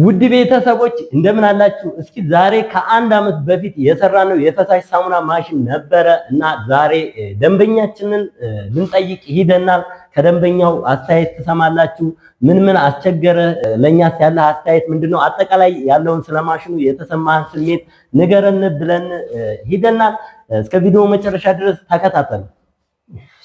ውድ ቤተሰቦች እንደምን አላችሁ? እስኪ ዛሬ ከአንድ አመት በፊት የሰራነው የፈሳሽ ሳሙና ማሽን ነበረ እና ዛሬ ደንበኛችንን ልንጠይቅ ሂደናል። ከደንበኛው አስተያየት ትሰማላችሁ። ምን ምን አስቸገረ፣ ለእኛስ ያለ አስተያየት ምንድነው ነው፣ አጠቃላይ ያለውን ስለ ማሽኑ የተሰማህን ስሜት ንገረን ብለን ሂደናል። እስከ ቪዲዮ መጨረሻ ድረስ ተከታተሉ።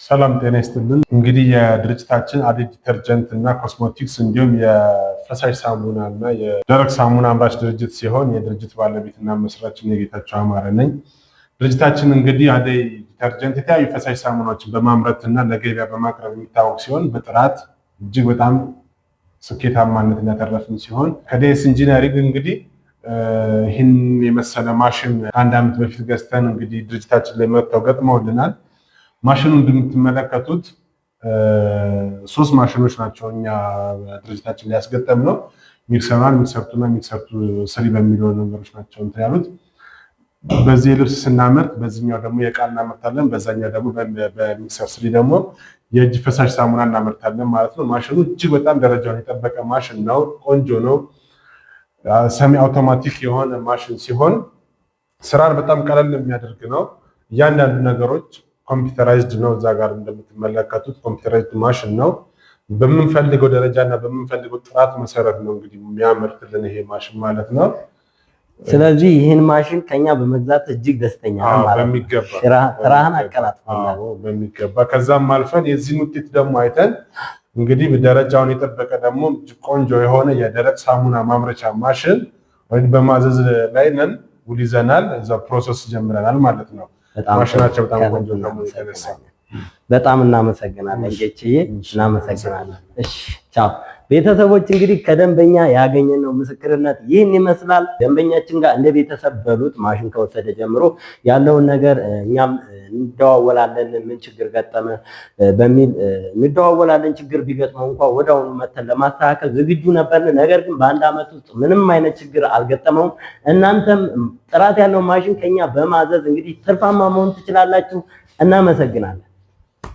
ሰላም ጤና ይስጥልን። እንግዲህ የድርጅታችን አዴ ዲተርጀንት እና ኮስሞቲክስ እንዲሁም የፈሳሽ ሳሙና እና የደረቅ ሳሙና አምራች ድርጅት ሲሆን የድርጅት ባለቤትና መስራችን የጌታቸው አማረ ነኝ። ድርጅታችን እንግዲህ አዴ ዲተርጀንት የተለያዩ ፈሳሽ ሳሙናዎችን በማምረት እና ለገበያ በማቅረብ የሚታወቅ ሲሆን በጥራት እጅግ በጣም ስኬታማነት ያተረፍን ሲሆን ከዴስ ኢንጂነሪንግ እንግዲህ ይህን የመሰለ ማሽን ከአንድ ዓመት በፊት ገዝተን እንግዲህ ድርጅታችን ላይ መጥተው ገጥመውልናል። ማሽኑ እንደምትመለከቱት ሶስት ማሽኖች ናቸው። እኛ ድርጅታችን ሊያስገጠም ነው። ሚክሰር ሚክሰርቱና ሚክሰርቱ ስሪ በሚለው ነገሮች ናቸው እንትን ያሉት። በዚህ ልብስ ስናመርት በዚህኛው ደግሞ የቃል እናመርታለን፣ በዛኛው ደግሞ በሚክሰር ስሪ ደግሞ የእጅ ፈሳሽ ሳሙና እናመርታለን ማለት ነው። ማሽኑ እጅግ በጣም ደረጃውን የጠበቀ ማሽን ነው። ቆንጆ ነው። ሰሚ አውቶማቲክ የሆነ ማሽን ሲሆን ስራን በጣም ቀለል የሚያደርግ ነው። እያንዳንዱ ነገሮች ኮምፒውተራይዝድ ነው። እዛ ጋር እንደምትመለከቱት ኮምፒውተራይዝድ ማሽን ነው። በምንፈልገው ደረጃ እና በምንፈልገው ጥራት መሰረት ነው እንግዲህ የሚያመርትልን ይሄ ማሽን ማለት ነው። ስለዚህ ይህን ማሽን ከኛ በመግዛት እጅግ ደስተኛ ስራህን በሚገባ ከዛም አልፈን የዚህን ውጤት ደግሞ አይተን እንግዲህ ደረጃውን የጠበቀ ደግሞ ቆንጆ የሆነ የደረቅ ሳሙና ማምረቻ ማሽን ወይም በማዘዝ ላይ ነን። ውል ይዘናል። እዛ ፕሮሰስ ጀምረናል ማለት ነው። በጣም በጣም እናመሰግናለን ጌችዬ፣ እናመሰግናለን። እሺ ቻው ቤተሰቦች። እንግዲህ ከደንበኛ ያገኘነው ምስክርነት ይህን ይመስላል። ደንበኛችን ጋር እንደ ቤተሰብ በሉት ማሽን ከወሰደ ጀምሮ ያለውን ነገር እኛም እንደዋወላለን፣ ምን ችግር ገጠመ በሚል እንደዋወላለን። ችግር ቢገጥመው እንኳ ወዲያውኑ መተን ለማስተካከል ዝግጁ ነበርን። ነገር ግን በአንድ ዓመት ውስጥ ምንም አይነት ችግር አልገጠመውም። እናንተም ጥራት ያለው ማሽን ከኛ በማዘዝ እንግዲህ ትርፋማ መሆን ትችላላችሁ። እናመሰግናለን።